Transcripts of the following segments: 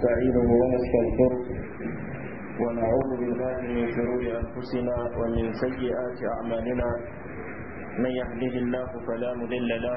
نستعينه ونستغفره ونعوذ بالله من شرور أنفسنا ومن سيئات أعمالنا من يهده الله فلا مضل له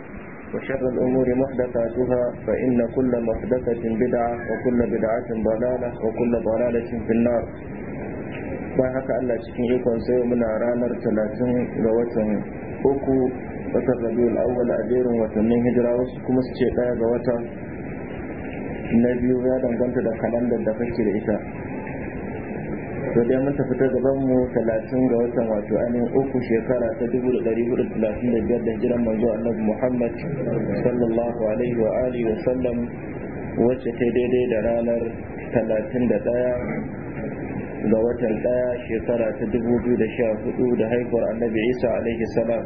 وشر الأمور محدثاتها فإن كل محدثة بدعة وكل بدعة ضلالة وكل ضلالة في النار bayan haka Allah cikin ikon sai muna ranar talatin ga watan uku watan rabiul awwal a jerin watannin hijira wasu kuma su ce daya ga wata na biyu ya danganta da kalandar da kake da ita to dai mun tafi ta gaban mu 30 ga watan wato ainihin uku shekara ta 1435 da jiran manzo Annabi Muhammad sallallahu alaihi wa alihi wa sallam wacce ta daidai da ranar 31 ga watan 1 shekara ta 2014 da haihuwar Annabi Isa alaihi salam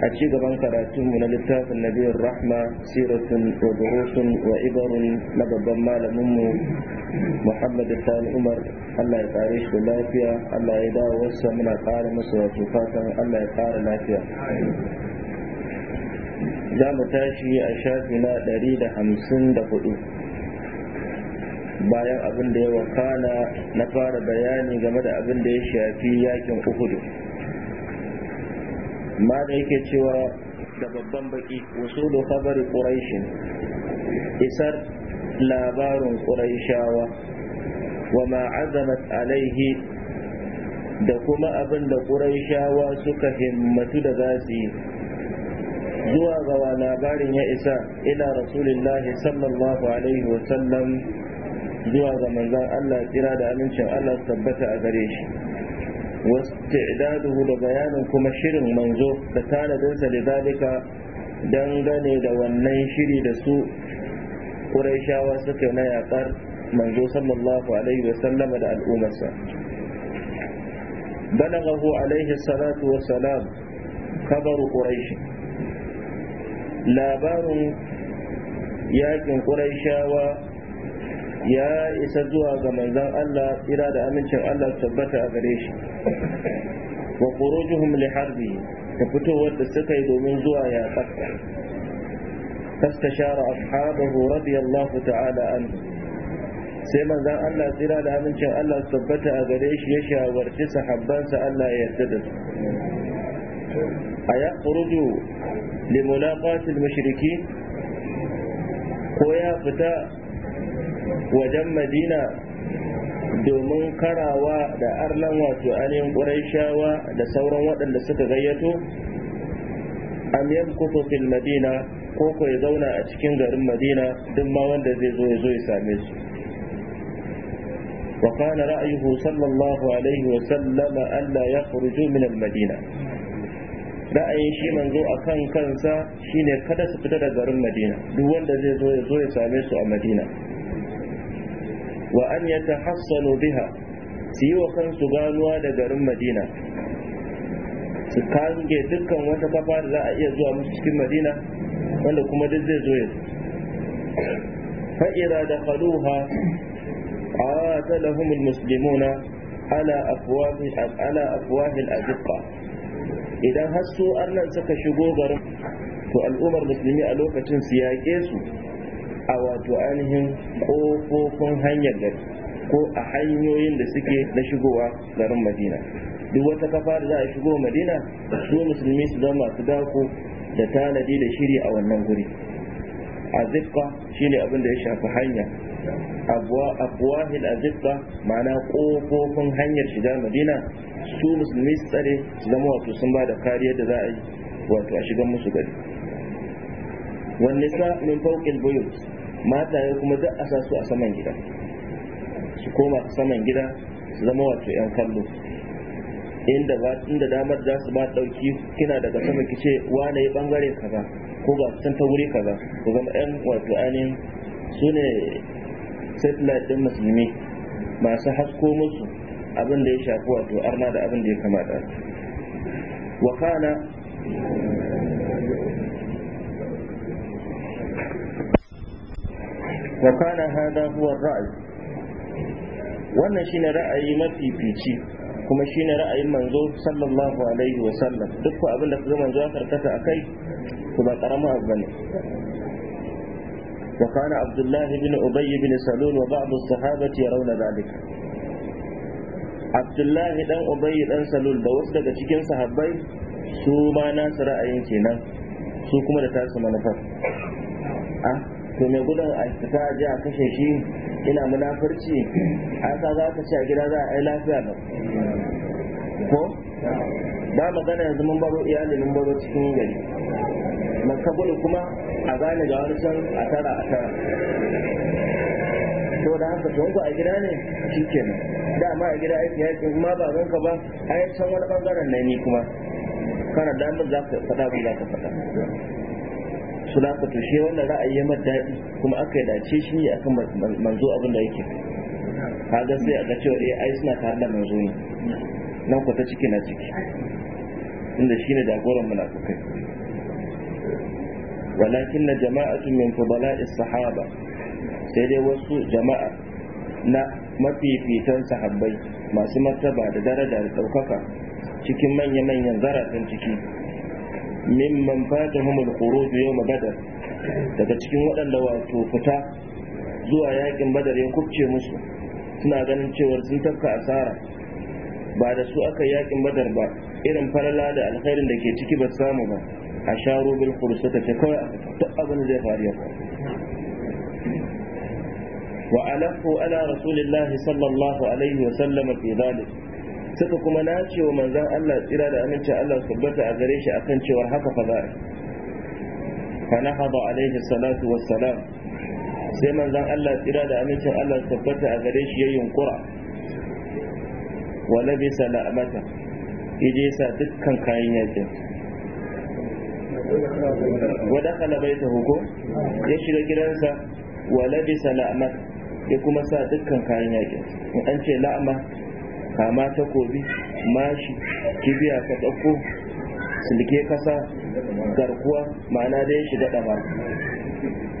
a ci gaban karatunmu na littafin nabiyar rahma siratun wa wa ibarun na babban malaminmu muhammad sani umar allah ya kare shi da lafiya allah ya dawo wasu muna kara masa wato fatan allah ya kare lafiya za mu tashi a shafi na ɗari da hamsin da hudu bayan abin da ya wakana na fara bayani game da abin da ya shafi yakin uhudu ma da yake cewa da babban baki da khabari ƙurashin isar labarin ƙurashawa wa ma'azamat alaihi da kuma abin da ƙurashawa suka himmatu da za su yi zuwa gawa labarin ya isa ila rasulillahi sallallahu alaihi wa zuwa ga manzon Allah kira da amincin Allah tabbata a gare shi wasti'daduhu da bayanin kuma shirin manzo da tanadinsa da zalika dangane da wannan shiri da su ƙuraishawa suka na yaƙar manzo sallallahu alaihi wa sallama da al'ummarsa balaghahu alaihi salatu wa salam kabaru quraish labarin yakin quraishawa ya isa zuwa ga manzon Allah ira da amincin Allah tabbata a gare shi wa khurujuhum li harbi da fitowar da suka yi domin zuwa ya tsaka fastashara ashabahu radiyallahu ta'ala an sai manzon Allah ira da amincin Allah tabbata a gare shi ya shawarci sahabbansa Allah ya yarda da su aya ya khuruju li al mushrikin ko ya fita wajen madina domin karawa da arlan wato ainihin ƙuraishawa da sauran waɗanda suka gayyato am yamkutu fil madina ko ko ya zauna a cikin garin madina duk ma wanda zai zo ya zo ya same su wa kana ra'ayuhu sallallahu alaihi wa sallama alla yakhruju min al madina ra'ayin shi manzo akan kansa shine kada su fita da garin madina duk wanda zai zo ya zo ya same su a madina wa an yatahassanu biha su yi wa kansu ganuwa da garin madina su kange dukkan wata kafa da za a iya zuwa musu cikin madina wanda kuma duk zai zo ya fa'ira da faluha a talahumul muslimuna ala a ajiqa idan har su annan suka shigo garin to al'ummar musulmi a lokacin su yaƙe su a wato ainihin ƙofofin hanyar da ko a hanyoyin da suke na shigowa garin madina duk wata kafa da za a shigo madina su musulmi su zama su dako da tanadi da shiri a wannan guri azifka shine abin da ya shafi hanya abuwahil azifka ma'ana ƙofofin hanyar shiga madina su musulmi su tsare su zama wato sun ba da kariyar da za a yi wato a shigan musu gari wannisa min fawqil buyut ya kuma duk a su a saman gida su koma saman gida su zama wato yan kallo inda ba inda damar za su ba dauki kina daga sama kice wane ya bangare kaza ko ba su ta wuri kaza ko zama yan wato ainihin su ne satellite din musulmi masu hasko musu abin da ya shafi wato arna da abin da ya kamata wa kana wa kana hada huwa ra'ayi wannan shine ra'ayi mafi fici kuma shine ra'ayin manzo sallallahu alaihi wa sallam duk ko abin da kuma manzo ya karkata akai to ba karamin abu bane wa kana abdullah ibn ubay ibn salul wa ba'd as-sahabati yarawna dhalika abdullahi dan ubay dan salul da wasu daga cikin sahabbai su ma nasu ra'ayin kenan su kuma da tasu manufa. ah to mai gudun a fita a je a kashe shi ina munafurci a sa za ka ce a gida za a yi lafiya ba ko ba magana yanzu mun baro iyali mun baro cikin gari makabul kuma a gane ga wani can a tara a tara to da haka to a gida ne shi da ma a gida aiki yaƙi kuma ba zan ka ba a yi can wani bangaren ne ni kuma kana damar za ka faɗa ba za ka faɗa sulaka to shi wannan ra'ayi ya daɗi kuma aka yi dace shi ne akan manzo abin da yake kaga sai aka ce cewa eh ai suna tare da manzo ne nan ku ta ciki na ciki inda shine jagoran munafikai walakin na jama'atu min fudala'is sahaba sai dai wasu jama'a na mafifitan sahabbai masu martaba da daraja da ɗaukaka cikin manya-manyan zarafin ciki mimman fatahum al-khuruj yawm badar daga cikin waɗanda wato fita zuwa yakin badar ya kubce musu suna ganin cewa sun tafka asara ba da su aka yakin badar ba irin falala da alkhairin da ke ciki ba samu ba a sharo bil suka ta kawai a abin zai faru ya wa alafu ala rasulillahi sallallahu alaihi wa sallama fi dhalik suka kuma nace wa manzan Allah tsira da aminci Allah tabbata a gare shi akan cewar haka fa za fa nahada alaihi salatu wassalam sai manzan Allah tsira da amincin Allah tabbata a gare shi ya yunkura wa labisa la'amata ije sa dukkan kayan yakin wa dakhala baitahu ko ya shiga gidansa wa labisa la'amata ya kuma sa dukkan kayan yaki in an ce la'ama kama takobi mashi kibiya ka ɗauko silke kasa garkuwa ma'ana dai shi daɗa ba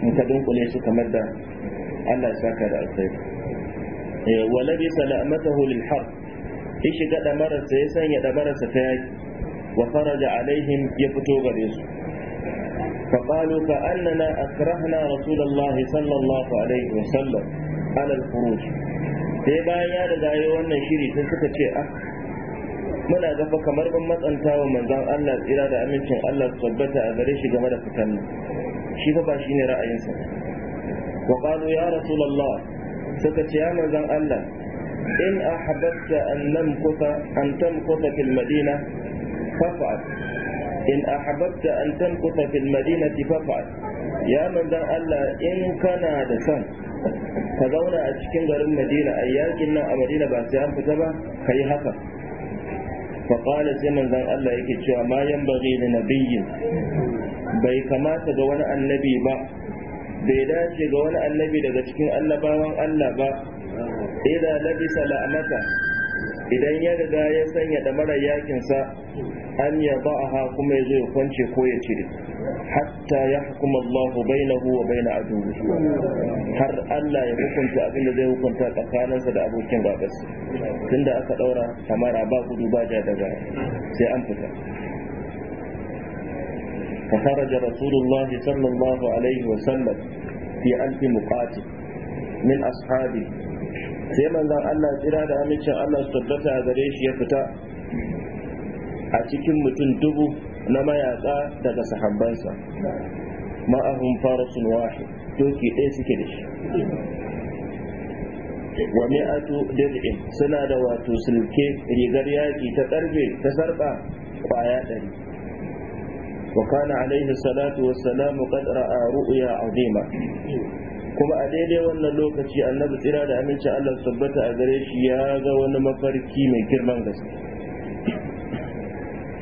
in ka dunkule su kamar da Allah ya saka da alkhairi eh, wa labisa la'amatahu lil harb ishi ga damararsa ya sanya damararsa ta yaki wa faraja alaihim ya fito gare su فقالوا كأننا أكرهنا رسول Rasulallah sallallahu alaihi عليه وسلم على الخروج sai bayan ya riga yi wannan shiri sai suka ce a muna gaba kamar ban matsanta wa manzon Allah tsira da amincin Allah su tabbata a gare shi game da fitan nan shi fa ba shine ra'ayinsa wa qalu ya rasulullah suka ce ya manzon Allah in ahbabta an namkuta an tamkuta fil madina fa fa'al in ahbabta an tamkuta fil madina fa fa'al ya manzan Allah in kana da son ka zauna a cikin garin Madina a yakin nan a Madina ba sai an fita ba ka yi haka faƙala sai manzan Allah yake cewa ma yan bari da nabiyyin bai kamata ga wani annabi ba bai dace ga wani annabi daga cikin annabawan Allah ba idan labisa la'amata idan ya riga ya sanya da mara sa an ya ba'aha kuma ya zo ya kwance ko ya cire hatta يحكم الله بينه وبين عدوه هر har Allah ya hukunta abin da zai hukunta tsakaninsa da abokin gabansa tunda aka daura kamara ba gudu ba sai an fita فخرج رسول الله صلى الله عليه وسلم في ألف مقاتل من أصحابه sai manzan Allah tsira da amincin Allah su tabbata a gare shi ya fita a cikin mutum dubu na mayaka daga sahabbansa ma'ahum farasun wahid doki ɗaya suke da shi wa mi'atu dir'in suna da wato silke rigar yaƙi ta ƙarfe ta sarƙa ƙwaya ɗari wa kana alaihi salatu wassalamu qad ra'a ru'ya azima kuma a daidai wannan lokaci annabi tsira da aminci Allah tabbata a gare shi ya ga wani mafarki mai girman gaske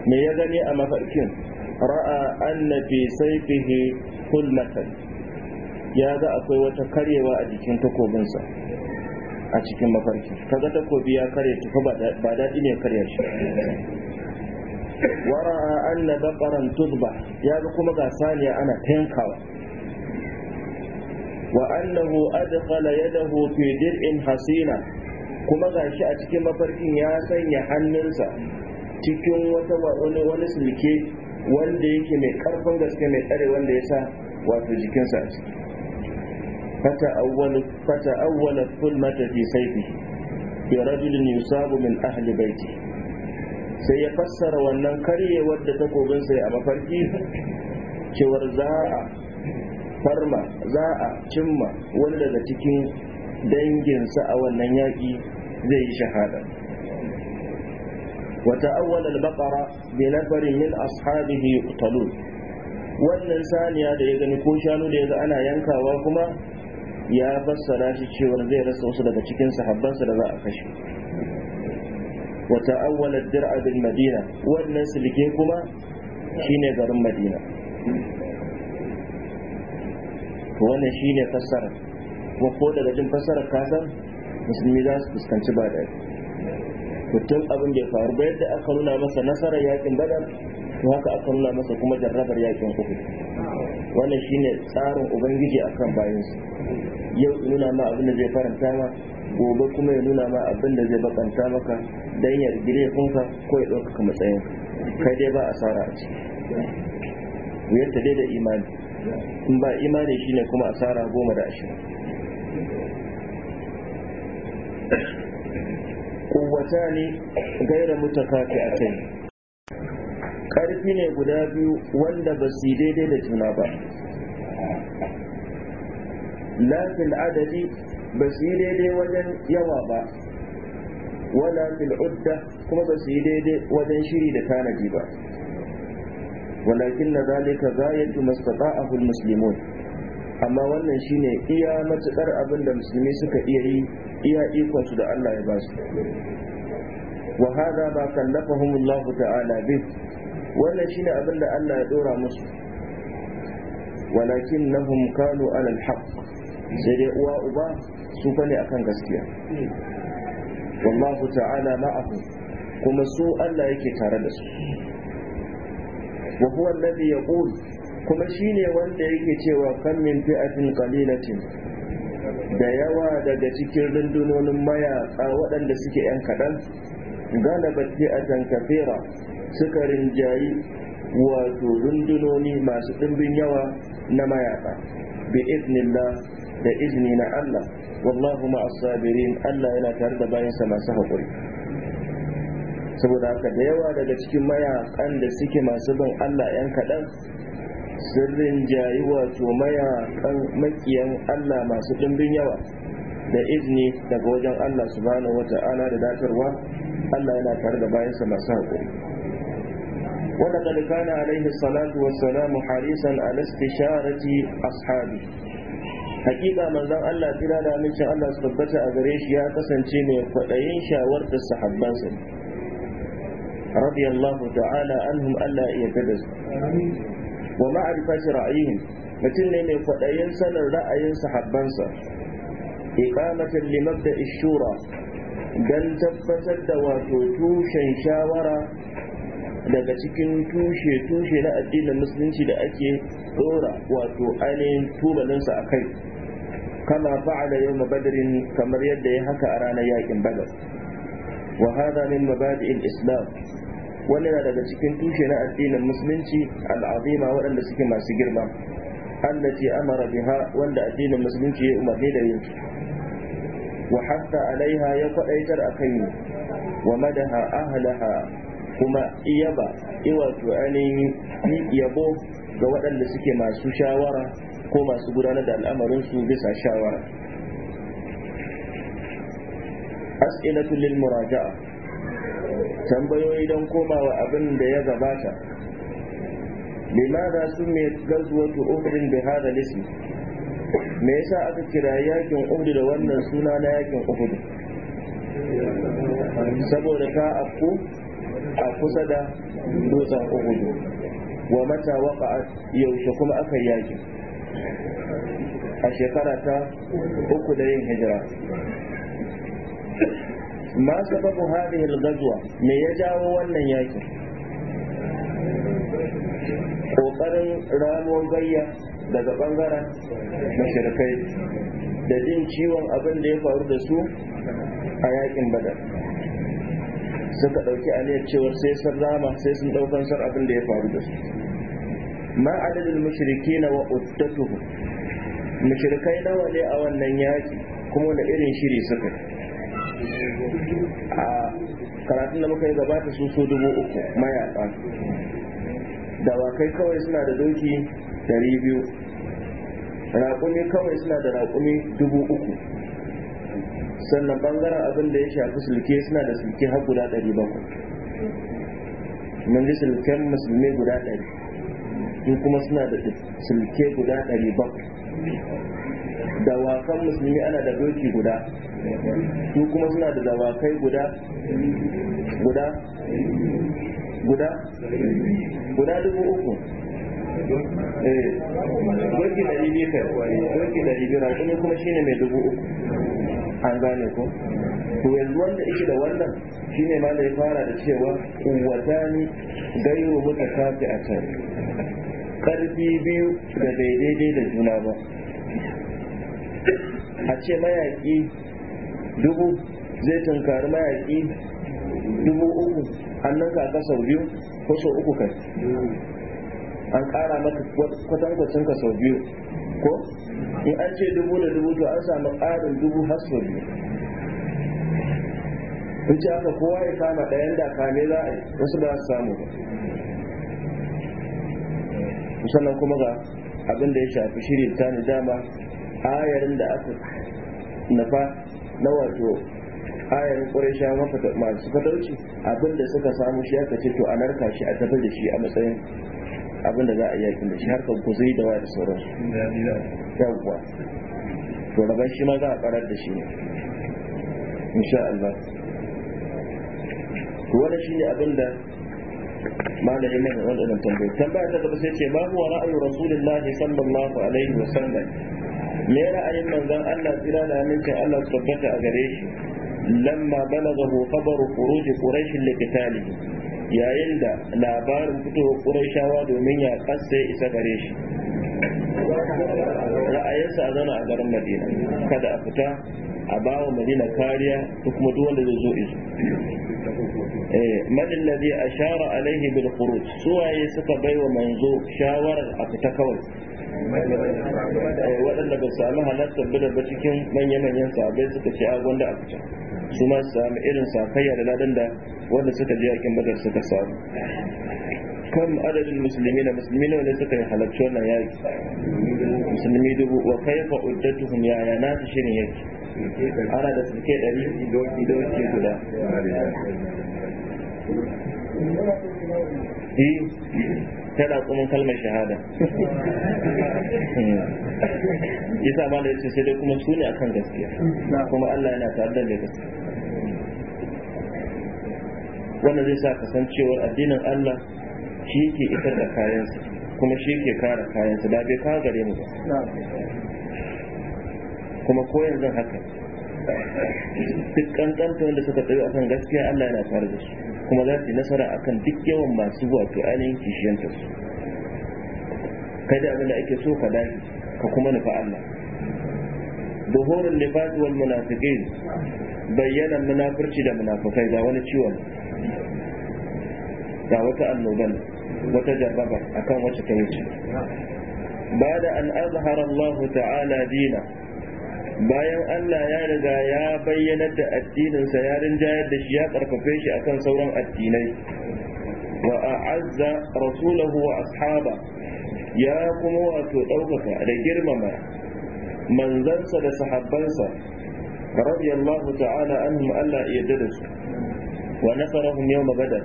me ya gani a mafarkin ra'a anna fi sayfihi kullatan ya ga akwai wata karyewa a jikin takobinsa a cikin mafarki kaga takobi ya karye tufa ba daɗi ne karya shi Ra'a anna baqaran tudba ya ga kuma ga saniya ana tankawa wa annahu adqala yadahu fi dir'in hasina kuma gashi a cikin mafarkin ya sanya hannunsa cikin wata wani wani sulke wanda yake mai karfin gaske mai tsare wanda ya sa wato jikinsa a ciki fata awwala fulmata fi saifi fi rajulin yusabu min ahli baiti sai ya fassara wannan karyewar da sai a mafarki cewar za a farma za a cimma wanda daga cikin danginsa a wannan yaƙi zai yi shahada وتأول البقرة بنفر من أصحابه يقتلون wannan saniya da ya gani ko shanu da ya ga ana yankawa kuma ya fassara shi cewar zai rasa wasu daga cikin sahabbansa da za a kashe wa ta'awwala dir'a bil madina wannan silke kuma shine garin madina to wannan shine fassara ko daga jin fassarar kasar musulmi za su fuskanci ba daɗi tun abin da ya faru ba yadda aka nuna masa nasarar yakin badar to haka aka nuna masa kuma jarrabar yakin uhud wannan shine tsarin ubangiji akan su, yau nuna ma abin da zai faranta ma gobe kuma ya nuna ma abin da zai bakanta maka dan ya gire kunka ko ya ka matsayin kai dai ba asara a ciki ta dai da imani in ba imani shine kuma asara goma da ashirin gaira quwwatani a mutakafi'atayn ƙarfi ne guda biyu wanda ba su daidai da juna ba lafil adadi ba su yi daidai wajen yawa ba wala fil udda kuma ba su yi daidai wajen shiri da tanadi ba walakin na zalika gayatu mastata'ahu muslimun amma wannan shine iya matukar abin da musulmi suka iya yi iya ikon su da Allah ya ba su wa hada ba kallafahum Allah ta'ala bi wannan shine abin da Allah ya dora musu walakin nahum kanu alal alhaq sai dai uwa uba su fa ne akan gaskiya wallahu ta'ala ma'ahu kuma su Allah yake tare da su wa huwa alladhi yaqul kuma shine wanda yake cewa kan min fi'atin qalilatin da yawa daga cikin rundunonin mayaƙa waɗanda suke 'yan kaɗan a a kafera suka rinjayi wato rundunoni masu ɗimbin yawa na mayaƙa bi iznillah da izini na Allah wallahu ma'asabirin Allah yana tare da bayansa masu haƙuri saboda haka da yawa daga cikin mayaƙan da suke masu bin Allah 'yan kaɗan sirrin jayi wato kan makiyan Allah masu ɗimbin yawa da izini daga wajen Allah subhanahu wata'ala da datarwa Allah yana tare da sa masu haƙuri ولقد كان عليه الصلاة والسلام حريصا على استشارة Ashabi. hakika manzon Allah tira da amincin Allah su tabbata a gare shi ya kasance mai da sahabban sa radiyallahu ta'ala anhum Allah ya tada su wa ma'arifati ra'ayihim mutum ne mai kwaɗayin sanin ra'ayin sahabbansa iqamatan li da shura dan tabbatar da wato tushen shawara daga cikin tushe tushe na addinin musulunci da ake dora wato ainihin tubalinsa a kai kama fa'ala yau badarin kamar yadda ya haka a ranar yakin badar wa hada min mabadi'il islam wanda yana daga cikin tushe na addinin musulunci al'azima waɗanda suke masu girma allati amara biha wanda addinin musulunci ya umarni da yin wa hatta alaiha ya kwadaitar akan yi wa madaha ahlaha kuma iyaba iwato ainihin yabo ga waɗanda suke masu shawara ko masu gudanar da al'amarinsu bisa shawara as'ilatu lil muraja'a tambayoyi don komawa abin da ya gabata limaza sun mai gazuwatu umrin bi hada lisi me yasa aka kira yakin uhud da wannan suna na yakin uhud saboda ka afku a kusa da dutsen uhud wa mata waka yaushe kuma aka yakin a shekara ta uku da yin hijira ma sababu hadhihi al-ghazwa me ya jawo wannan yaki Ƙoƙarin ramuwar gayya daga ɓangaren mashirkai da jin ciwon abin da ya faru da su a yakin badar suka ɗauki aniyar cewar sai sun rama sai sun ɗaukan sar abin da ya faru da su ma adadin mashirki na wa'uttatuhu mashirkai nawa ne a wannan yaki kuma da irin shiri suka yi a karatun da muka yi gabata su so dubu uku mayaƙa dawakai kawai suna da doki dari biyu raƙumi kawai suna da raƙumi dubu uku sannan bangaren abin da ya shafi sulke suna da sulke har guda ɗari bakwai mun ji sulken musulmi guda ɗari in kuma suna da sulke guda ɗari bakwai dawakan musulmi ana da doki guda su kuma suna da dawakai guda guda guda guda dubu uku eh, doki ɗari biyu kai doki ɗari biyu ne kuma shine mai dubu uku an gane ku. to yanzu wanda yake da wannan shine ma da ya fara da cewa kuwatani gairu kafi a can karfi biyu da daidaidai da juna ba a ce mayaƙi dubu zai tunkari mayaƙi dubu uku annan ka sau biyu ko sau uku kai an ƙara maka kwatankwacin ka sau biyu ko in an ce dubu da dubu to an samu ƙarin dubu har sau biyu in ce haka kowa ya kama ɗayan da kame za a yi wasu ba su samu ba sannan kuma ga abin da ya shafi shirin ta dama ayarin da aka nafa na wato ayarin ƙwarisha masu fadauci abin da suka samu shi aka ce to a narka shi a tafi da shi a matsayin abin da za a yakin da shi harkar dawa da sauran yawwa to rabar shi ma za a karar da shi ne insha Allah to wannan shine abin da malamin mai wannan tambayi tambaya ta gaba sai ce babu wa ra'ayi rasulullahi sallallahu alaihi wa sallam me ra'ayin manzon Allah tsira da amincin Allah su tabbata a gare shi lamma balaghahu khabaru khuruj quraish liqitali yayin da labarin fitowar quraishawa domin ya kasa isa gare shi ra'ayinsa a zauna a garin Madina kada a fita a bawa Madina kariya ta kuma duk wanda zai zo isu eh, man alladhi ashara alaihi bil khuruj suwaye suka baiwa manzo shawarar a fita kawai waɗanda ba sami halattar bida ba cikin manya-manyan sabai suka ce a gwanda a fita su ma sami irin safayya da ladan da wanda suka je yakin badar suka samu kan adadin musulmi na musulmi nawa ne suka yi halarci wannan yaki musulmi dubu wa uddatu uddatuhum yaya na su shirin yaki ana da sulke ɗari doki guda eh, tana kuma kalmar shahada yasa ma da yace sai dai kuma su ne akan gaskiya kuma Allah yana ta'addar da gaskiya wannan zai sa kasancewar addinin Allah shi ke isar da kayansa kuma shi ke kare kayansa da bai kawo gare mu ba kuma ko yanzu haka duk kankanta wanda suka tsayo akan gaskiya Allah yana fara da su kuma za su yi nasara akan duk yawan masu wato ainihin kishiyanta su kai da abin da ake so ka dace ka kuma nufa Allah duhurul nifaq wal munafiqin bayyana munafirci da munafikai ga wani ciwon ga wata annoban wata jarraba akan wacce ta wuce bada an azhar Allah ta'ala dina bayan Allah ya riga ya bayyana da addininsa ya rinjayar da shi ya karfafe shi akan sauran addinai wa a'azza rasulahu wa ashaba ya kuma wato ɗaukaka da girmama manzansa da sahabbansa radiyallahu ta'ala anhum Allah ya yarda su wa nasarahum yawm badar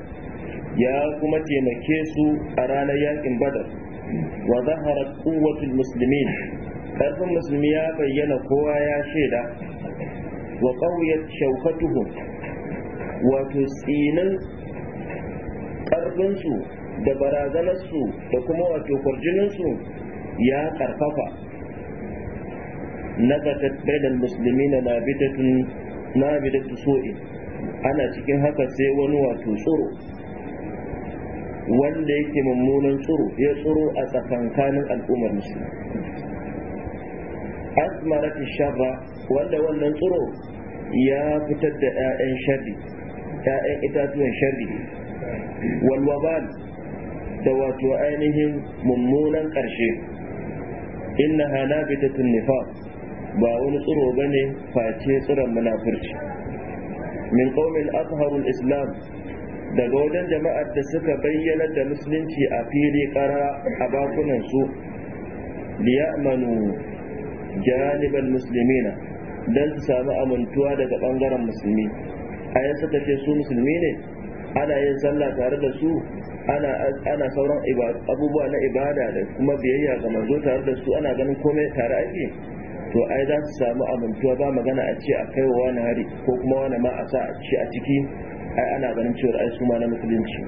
ya kuma taimake su a ranar yakin badar wa zahara quwwatu almuslimin karfin musulmi ya bayyana kowa ya shaida wa ƙauyar tuhu wato tsinin ƙarfinsu da barazanarsu da kuma wato kurjininsu ya karfafa nabatat bainal muslimina na nabidatu so'i ana cikin haka sai wani wato tsoro wanda yake mummunan tsoro ya tsoro a tsakankanin al'ummar musulmi asmarat sharra wanda wannan tsoro ya fitar da 'ya'yan sharri 'ya'yan itatuwan sharri walwabal da wato ainihin mummunan ƙarshe hana nabitatun nifaq ba wani tsiro bane face tsiron munafurci min ƙaumin azharul islam daga wajen jama'ar da suka bayyana da musulunci a fili ƙara a bakunan su liya'manu janiban muslimina dan su samu amintuwa daga ɓangaren musulmi a take su musulmi ne ana yin sallah tare da su ana sauran abubuwa na ibada da kuma biyayya ga manzo tare da su ana ganin komai tare ake to ai za su samu amintuwa ba magana a ce a kai wa wani hari ko kuma wani ma a sa a ci a ciki ai ana ganin cewa ai su ma na musulunci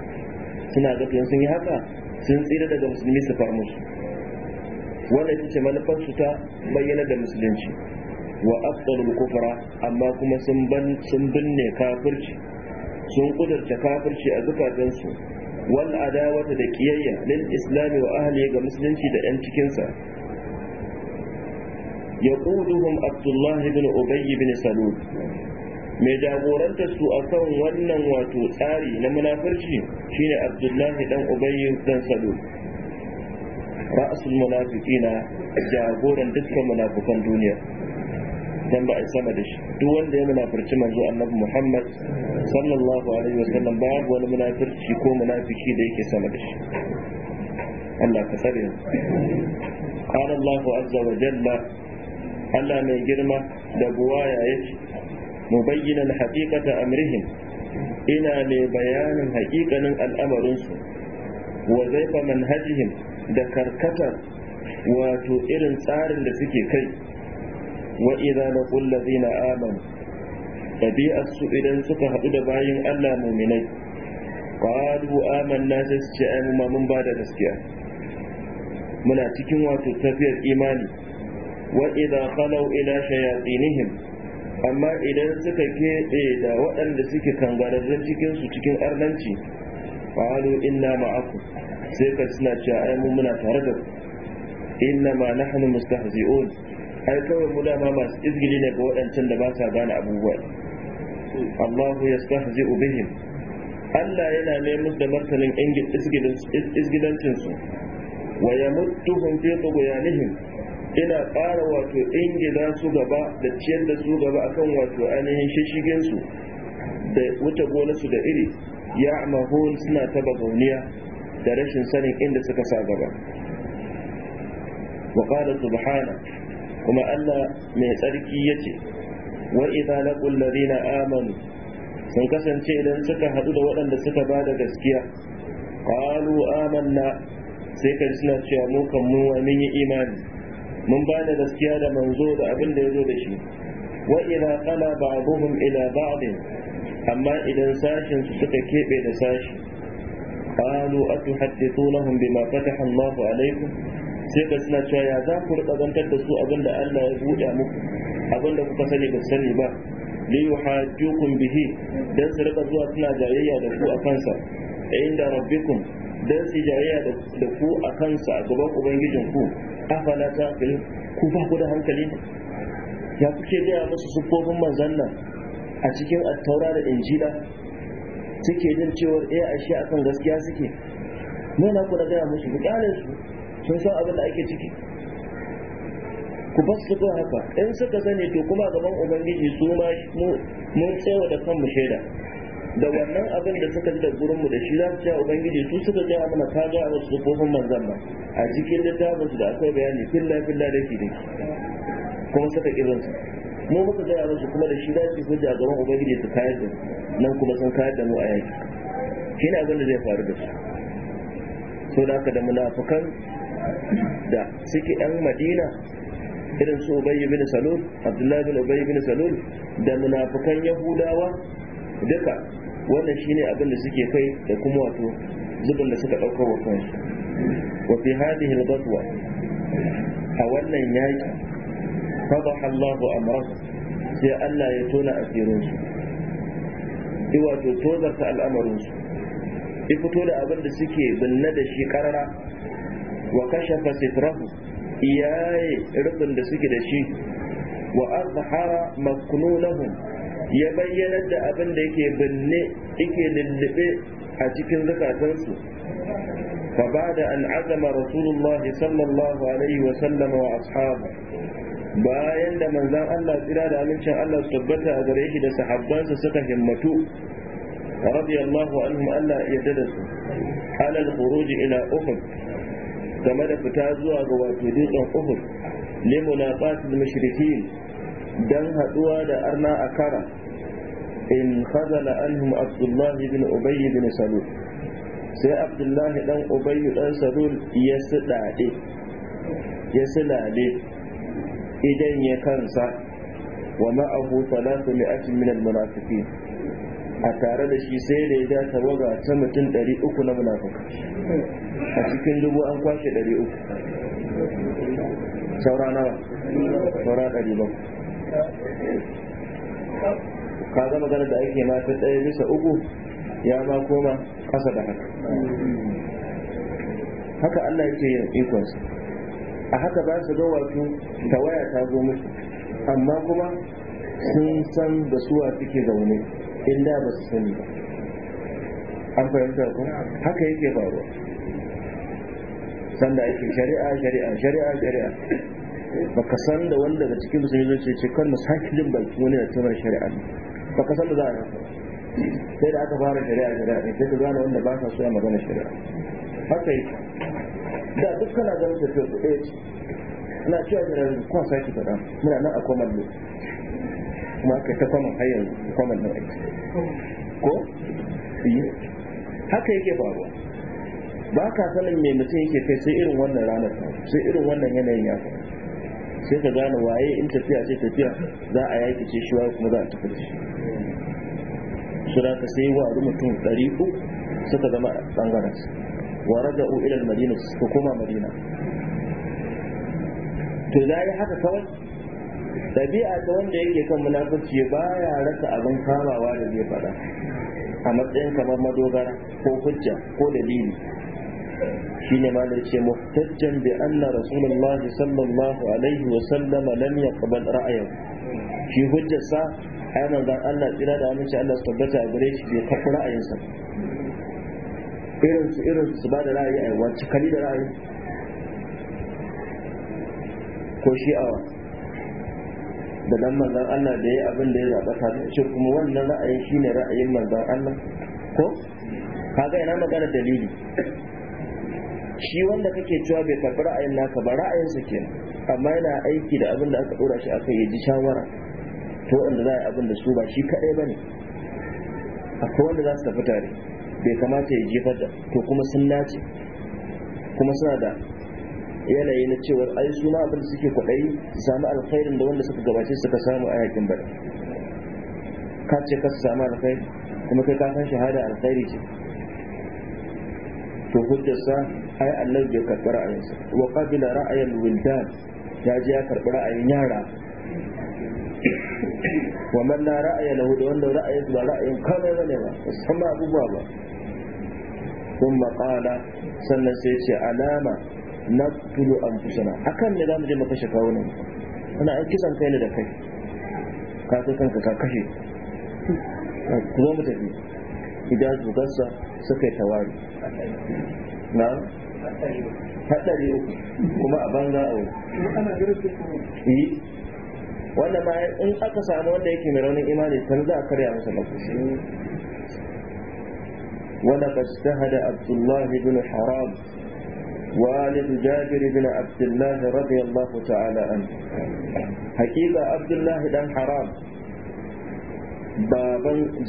suna ga sun yi haka sun tsira daga musulmi su far musu wannan ita ce manufarsu ta bayyana da musulunci wa afdalu kufra amma kuma sun binne kafirci sun kudurta kafirci a zukatansu wal adawata da kiyayya lil islami wa ahli ga musulunci da yan cikinsa yaquduhum abdullah ibn ubay ibn salul mai jagoranta su a kan wannan wato tsari na munafurci shine abdullahi dan ubay dan salul ra'sul munafiqina jagoran dukkan munafukan duniya dan ba a sama da shi duk wanda ya munafirci manzo annabi Muhammad sallallahu alaihi wasallam babu wani munafirci ko munafiki da yake sama da shi Allah ka tsare qala Allah azza wa jalla Allah mai girma da buwaya yake mubayyinan haqiqata amrihim ina mai bayanin al'amarin su wa zaifa manhajihim da karkatar wato irin tsarin da suke kai wa idza laqul ladina amanu tabi'at su idan suka hadu da bayin Allah muminai qalu amanna sai su ce ai mu ma mun ba da gaskiya muna cikin wato tafiyar imani wa idza qalu ila shayatinihim amma idan suka keɓe da waɗanda suke kangararrun cikin su cikin arnanci qalu inna ma'akum sai ka suna cewa ai mu muna tare da ku inna ma nahnu mustahzi'un ai kawai mu dama masu izgili ne ga waɗancan da ba sa gane abubuwa Allahu yastahzi'u bihim Allah yana mai da martanin izgidancin su wa yamudduhum fi tughyanihim ina ƙara wato ingida su gaba da ciyar da su gaba akan wato ainihin shishigin su da wuce gona su da iri ya mahun suna taba gauniya da rashin sanin inda suka sa gaba wa qala subhana kuma Allah mai tsarki yace wa idza laqul ladina amanu sun kasance idan suka hadu da waɗanda suka ba da gaskiya qalu amanna sai kan suna cewa mu kan mu mun yi imani mun ba da gaskiya da manzo da abin da zo da shi wa idza qala ba'dhum ila ba'd amma idan sashin su suka kebe da sashi qalu atuhaddithunahum bima fataha Allahu alaykum sai ka suna cewa ya za ku rika zantar da su abin da Allah ya buɗe muku abin da kuka sani ba sani ba li yuhajjukum bihi dan su rika zuwa suna jayayya da ku a kansa inda rabbikum dan su jayayya da ku a kansa a gaban ubangijin ku afala ta ku ba ku da hankali ya kuke gaya musu sufofin manzon nan a cikin attaura da injila suke jin cewar eh ashe akan gaskiya suke nuna ku da gaya musu ku su sun san abin da ake ciki ku ba su haka in suka sani to kuma gaban ubangiji su ma mun tsewa da kanmu shaida da wannan abin da suka ji da gurinmu da shi za su ce ubangiji su suka ce mana ta ga a wasu kofin manzan ba a cikin littafin su da aka bayani filla filla da ke kuma suka kirin su mu muka gaya su kuma da shi za su a gaban ubangiji su kayar da nan kuma sun kayar da mu a yaki shi ne abin da zai faru da su So da haka da munafukan da suke yan madina irin su ubayy bin salul abdullahi bin ubayy bin salul da munafukan yahudawa duka wannan shine abin da suke kai da kuma wato zubin da suka ɗaukar wa kansu wa fi hadhihi al a wannan yaki fadaha Allahu amrahu sai Allah ya tona asirin su iwato tozarta al'amarin su fito da abin da suke binne da shi karara wa kashafa sitrahu iyaye rufin da suke da shi wa azhara maknunahum ya bayyana da abin da yake binne yake lullube a cikin zakatansu bada أن عزم رسول sallallahu alaihi wa عليه wa وأصحابه bayan da manzan Allah tsira da amincin Allah su tabbata a gare shi da sahabbansa suka himmatu radiyallahu anhum Allah ya dada su alal khuruj ila uhud game da fita zuwa ga wato dutsen uhud da mushrikin dan haduwa da arna akara, kara in khazala anhum abdullah ibn ubay ibn salul sai Abdullahi dan ubay dan salul ya sidade ya sidade idan ya kansa wa ma'ahu 300 min al-munafiqin a tare da shi sai da ya ga tawaga ta mutum 300 na munafuka a cikin dubu an kwashe 300 saura nawa saura 700 ka zama ganin da ake mafi ɗaya bisa uku ya ma koma ƙasa da haka haka Allah ce yin ikonsa a haka ba su ga wato tawaya ta zo musu amma kuma sun san da suwa suke zaune in da ba su sani ba an fahimta ku haka yake faruwa sanda ake shari'a shari'a shari'a shari'a baka san da wanda daga cikin musulmi zai ce ce kan mu sake jin baki wani da tunar shari'a baka san da za a yi sai da aka fara shari'a shari'a ne sai da gane wanda ba sa so ya magana shari'a haka yake da duk kana ganin tafiya ku ɗaya eh, ce ina cewa shari'a ne kuma sake faɗa muna nan a komar kuma aka ta kwaman har yanzu kwaman aiki ko haka yake faruwa ba ka sanin mai mutum yake kai sai irin wannan ranar sai irin wannan yanayin ya faru sai ka gane waye in tafiya sai tafiya za a yaki ce shi waye kuma za a tafi da shi su da ka sai wari mutum ɗari uku suka zama ɓangaren su wa raja'u ila madina su koma madina to da haka kawai ɗabi'a ta wanda yake kan munafurci baya rasa abin kamawa da zai faɗa a matsayin kamar madogara ko hujja ko dalili ne ma da ce muhtajjan bi anna rasulullahi sallallahu alaihi wa sallama lam yaqbal ra'ayahu shi hujjarsa ai manzon Allah tsira da amince Allah su tabbata gare shi bai kafa ra'ayinsa irin su irin su ba da ra'ayi ai wacce kali da ra'ayi ko shi a da dan manzan Allah da ya abin da ya zaɓa ta shi kuma wannan ra'ayi ne ra'ayin manzan Allah ko kaga ina magana dalili shi wanda kake cewa bai karɓi ra'ayin naka ba ra'ayinsa kenan amma yana aiki da abin da aka ɗora shi aka yi ji shawara to wanda za a yi abin da su ba shi kaɗai ba ne akwai wanda za su tafi tare bai kamata ya jefar da to kuma sun nace kuma suna da yanayi na cewar ai su ma abin suke kwaɗayi su samu alkhairin da wanda suka gabace suka samu a yakin bari ka ce ka su samu alkhairi kuma kai ka san shahada alkhairi ce to hujjarsa ai Allah bai karɓi ra'ayinsa wa qabila ra'ayal wildan ya ji ya karɓi ra'ayin yara wa man la ra'aya lahu da wanda ra'ayin ba ra'ayin kamar bane ba musamman abubuwa ba kuma qala sannan sai ce alama Na an anfusana akan ne mu je mu kashe kawunan ana an kisan kai ne da kai ka kai kanka ka kashe ku zo mu tafi idan zugarsa suka yi tawari na haɗari kuma a banza a wani eh. wanda ma in aka samu wanda yake mai raunin imani tun za a karya masa lafashi wanda ka shi ta hada abdullahi bin haram والد جابر بن عبد الله رضي الله تعالى عنه حقيقة عبد ɗan دان حرام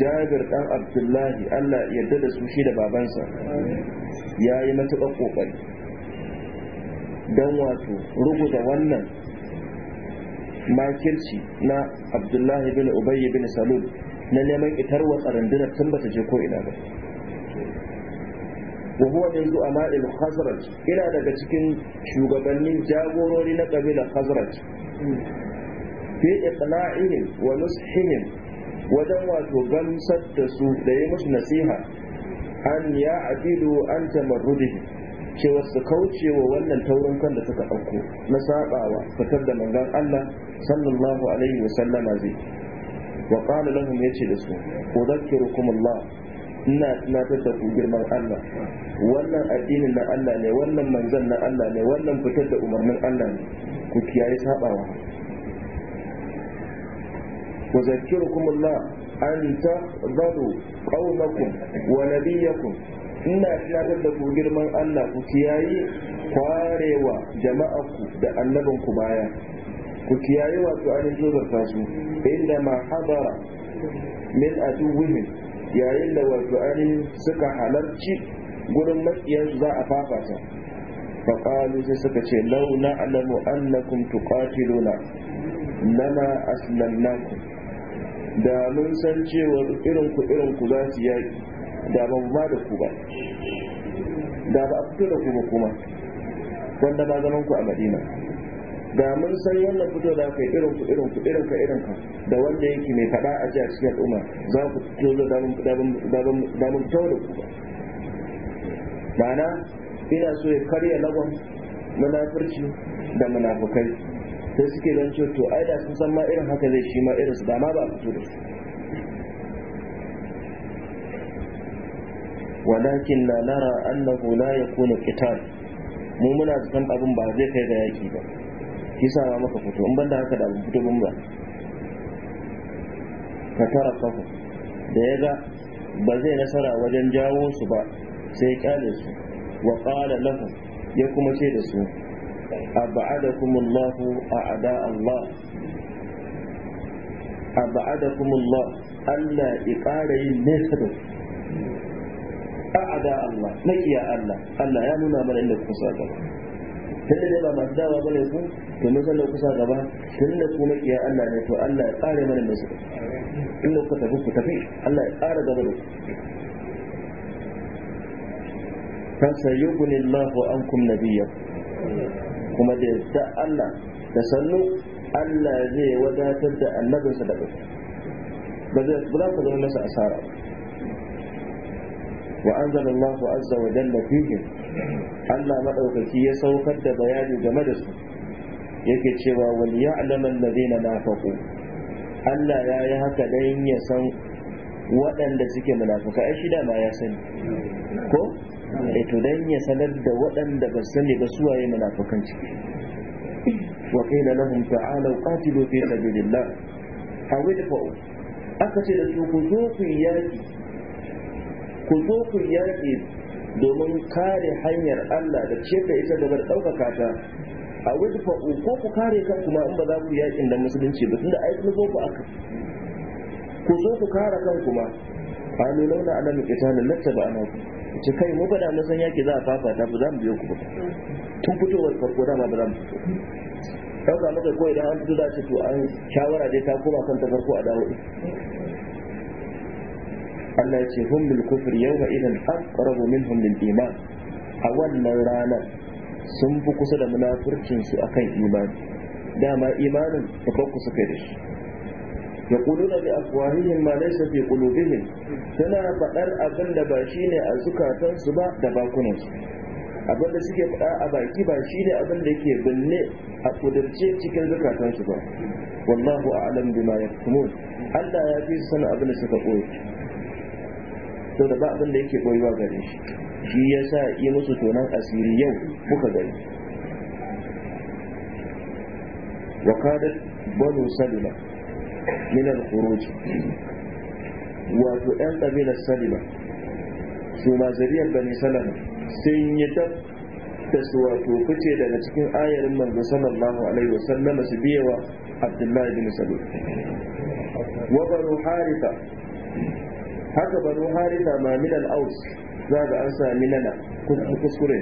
jabir dan abdullahi allah yarda da su shi da babansa ya yi matuƙar ƙoƙari don wato rubuta wannan makirci na abdullahi bin ubayy bin salul na neman itarwa tsarandunar tun bata je ko ina ba wa huwa min zu'ama il khazraj ina daga cikin shugabannin jagorori na kabilar khazraj fi iqna'ihim wa nushihim wajen wato gamsar da su da yi musu nasiha an ya adilu an tamarrudihi cewa su kauce wa wannan taurin kan da suka ɗauko na saɓawa fitar da mangan Allah sallallahu alaihi wa sallama zai wa yace da su udhakkirukum Allah ina tunatar da ku girman Allah wannan addinin na Allah ne wannan manzan na Allah ne wannan fitar da umarnin Allah ne ku kiyaye sabawa wa zakkirukumullah an tahdharu qaumakum wa nabiyakum ina tunatar da ku girman Allah ku kiyaye kwarewa jama'arku da annabinku baya ku kiyaye wato anin tozarta su inda ma hadara min aduwwihim yayin da wasu ainihin suka halarci gurin maƙiyarsu za a fafata faƙalu sai suka ce lau na alamu annakum tuqatiluna lana aslamnakum da mun san cewa irin ku irin ku za su yaƙi da ban ba da ku ba da ba a fito da ku ba kuma wanda ba zaman ku a madina da mun san wannan fito da kai irin ku irin ku irin ka irin ka da wanda yake mai faɗa a jiya cikin al'umma za ku fito da damun kyau da ku ba ina so ya karya lagon munafurci da munafukai sai suke don ce to ai da sun san ma irin haka zai shi ma irin su da ma ba fito da su walakin na nara annahu la yakunu qital mu muna san abin ba zai kai ga yaki ba shi sa ma maka fito in banda haka da abin fito ban ba ka tara kafa da ya ga ba zai nasara wajen jawo su ba sai kyale su wa qala lahum ya kuma ce da su ab'adakumullahu a'da Allah ab'adakumullah Allah ya ƙara yin nesa da su a'da Allah makiya Allah Allah ya nuna mana inda kusa gaba tunda dai ba masu dawa ba ne ku to mun san kusa gaba da ku makiya Allah ne to Allah ya tsare mana musu in ku tafi ku tafi Allah ya tsare gaba da ku fasayughni Allahu ankum nabiyya kuma da yadda Allah da sannu Allah zai wadatar da annabinsa da ku ba zai za ku zama masa asara wa anzala Allahu azza wa jalla fihim Allah maɗaukaki ya saukar da bayani game da su yake cewa wal ya'lamu alladhina nafaqu Allah ya yi haka dan ya san waɗanda suke munafuka ai shi dama ya sani ko eh to dan ya sanar da waɗanda ba sani ba su waye munafukan ciki wa qila lahum ta'alu qatilu fi sabilillah hawidfa'u aka ce da su ku zo ku yaki ku zo ku yaki domin kare hanyar Allah da ce ka ita daga ɗaukaka ta a fa'u ko ku kare kan kuma in ba za ku yakin da musulunci ba tunda aiki na zo ku aka ku zo ku kare kan kuma qalu launa ala na qital a ana ci kai mu bada mun san yaki za a ta ba za mu biyo ku ba tun fitowar farko dama ba za mu fito dauka maka ko idan an fito za ce to an shawara dai ta koma kan ta farko a dawo Allah ya ce hum bil kufri yawma idan aqrabu minhum lil iman a wannan rana sun fi kusa da munafurcin su akan imani dama imanin da kanku suka da shi yaquluna bi afwahihim ma laysa fi qulubihim suna faɗar abin da ba shine a zukatansu ba da bakunansu abin da suke faɗa a baki ba shine abinda abin da ke binne a kudurce cikin zukatansu ba wallahu a'lam bima yaktumun Allah ya fi sanin abin da suka koyi saboda ba abin da yake koyuwa gare shi shi ya sa yi musu tonon asiri yau kuka wa wakadar banu salima minar kuroji wato 'yan ƙabilar salima su ma zariyar bani salama sun yi ta su wato fice daga cikin ayarin manzo sallallahu alaihi wasallam su biyewa abdullahi bin salul wa banu harika haka banu harita ma minal aus za ga an sa minala kuskure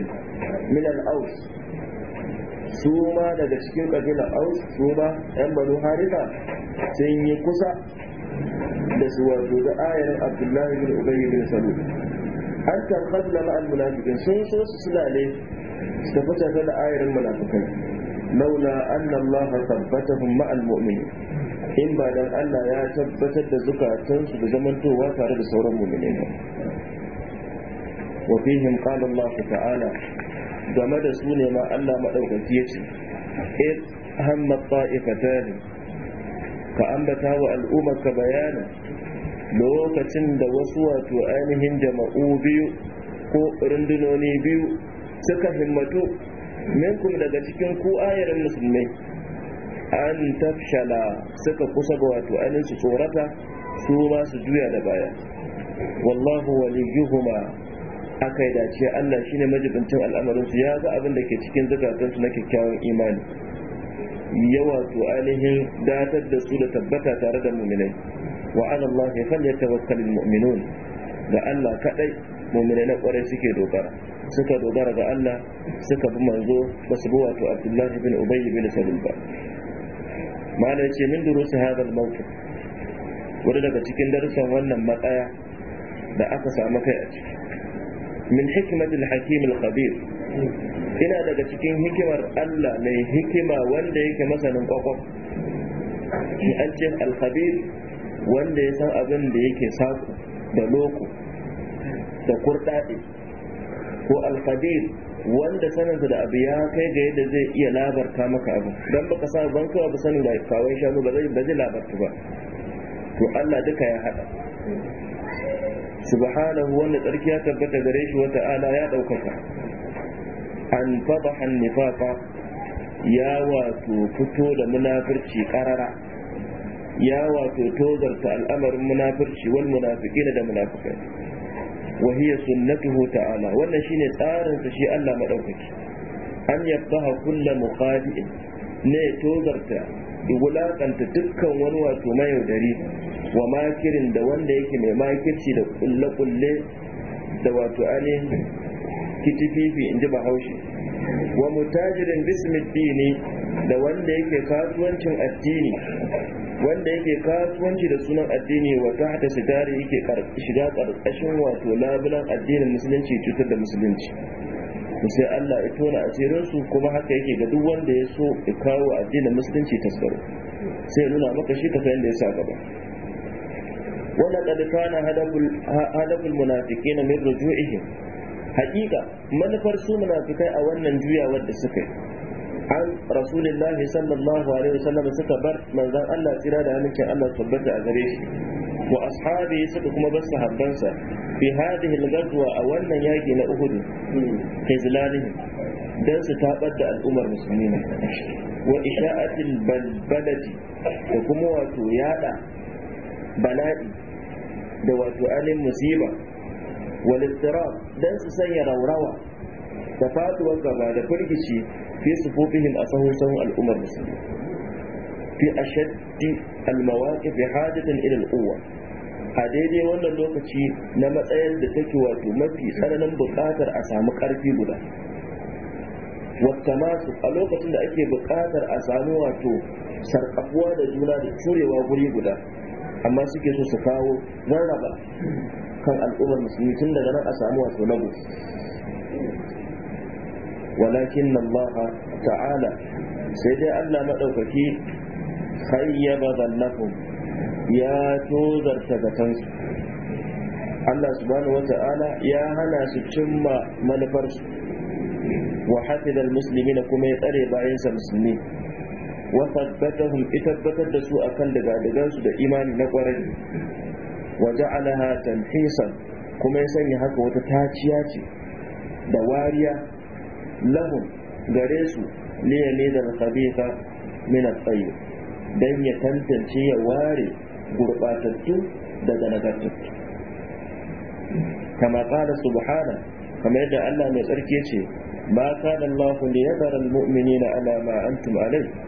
minal aus su ma daga cikin kabilar aus su ma yan banu harita sun yi kusa da su wato da ayar abdullahi bin ubayy bin salul an tarqadna ma'al munafiqin sun so su sulale su tafi tafi da ayarin munafikai laula anna allaha tabbatahum ma'al mu'minin in ba dan Allah ya tabbatar da zukatansu da zamantowa tare da sauran mu'minin ba wa fihim qala Allah ta'ala game da su ne ma Allah madaukaki yace in hamma ta'ifatan ka ambata wa al'umma ka bayana lokacin da wasu wato ainihin jama'u biyu ko rundunoni biyu suka himmatu minkum daga cikin ku ayarin musulmai an tafshala suka kusa ga wato ainihin su tsorata su ma su juya da baya wallahu waliyuhuma aka yi dace Allah shine majibincin al'amarin su ya ga abin da ke cikin zakatun su na kyakkyawan imani ya wato ainihin datar da su da tabbata tare da mu'minai wa ala Allah falyatawakkalul mu'minun ga Allah kadai mu'minai na kwarai suke dogara suka dogara ga Allah suka bi manzo basu bi wato Abdullahi bin Ubayy bin Salul ba ya yace min durusi hadha al-mawqif wanda daga cikin darussan wannan matsaya da aka samu kai a ciki min hikmat hakim al-khabir ina daga cikin hikimar Allah mai hikima wanda yake masanin kwakwaf shi an ce al wanda ya san abin da yake saku da loko da kurɗaɗi ko al wanda sanin da abu ya kai ga yadda zai iya labarta maka abu don baka sa ban kawai ba sanin kawai shanu ba zai labarta ba to Allah duka ya hada subhanahu wanda tsarki ya tabbata gare shi wata ala ya daukaka an fadaha nifaqa ya wato fito da munafirci karara ya wato tozarta al'amarin munafirci wal munafiqina da munafiqai wa hiya sunnatuhu ta'ala wannan shine tsarinsa shi Allah madaukaki an yabaha kulla muqadi'in ne tozarta wulakanta dukkan wani wato mayaudari wa makirin da wanda yake mai makirci da kulle-kulle da wato ainihin kitififi in ji bahaushe wa mutajirin bismiddini da wanda yake kasuwancin addini wanda yake kasuwanci da sunan addini wa tahta sitari yake shiga karkashin wato labulan addinin musulunci cutar da musulunci sai Allah ya tona asirin su kuma haka yake ga duk wanda ya so ya kawo addinin musulunci tasgaro sai ya nuna maka shi ka san da ya sa gaba wala qad kana hadaful hadaful munafiqina min ruju'ihim haƙiƙa manufar su munafikai a wannan juyawar da suka yi an rasulullahi sallallahu alaihi wasallam suka bar manzon Allah tsira da hannun Allah tabbata a gare shi wa ashabi suka kuma bar sahabbansa fi hadhihi al-ghazwa a wannan yaki na Uhud khizlanihim dan su tabar da al'ummar musulmi wa isha'atil balbalati da kuma wato yada bala'i da wato alin musiba walistirab dan su sanya raurawa da fatuwar gaba da firgici fi fofihin a sahun sahun al'ummar musulmi fi ashaddi almawaqif hajatan ila uwa. a daidai wannan lokaci na matsayar da take wato mafi tsananin buƙatar a samu ƙarfi guda masu, a lokacin da ake buƙatar a samu wato sarƙafuwa da juna da turewa guri guda amma suke so su kawo rarraba kan al'ummar musulmi tun daga nan a samu wato lagu walakin Allah ta'ala sai dai Allah madaukaki khayyaba zallahum ya tozarta gatansu Allah subhanahu Ta'ala ya hana su cimma manufarsu wa hafidal musulmi na kuma ya tsare bayansa musulmi wa tabbatahum tabbatar da su akan daga dagansu da imani na kwarai Waje tanhisan kuma ya sanya haka wata taciya ce da wariya lahum gare su ne ne da khabitha min at-tayyib dan ya tantance ya ware gurbatattu daga nagartattu kama qala subhana kama yadda Allah mai tsarki ce ba kana Allah liyadara al-mu'minina ala ma antum alayhi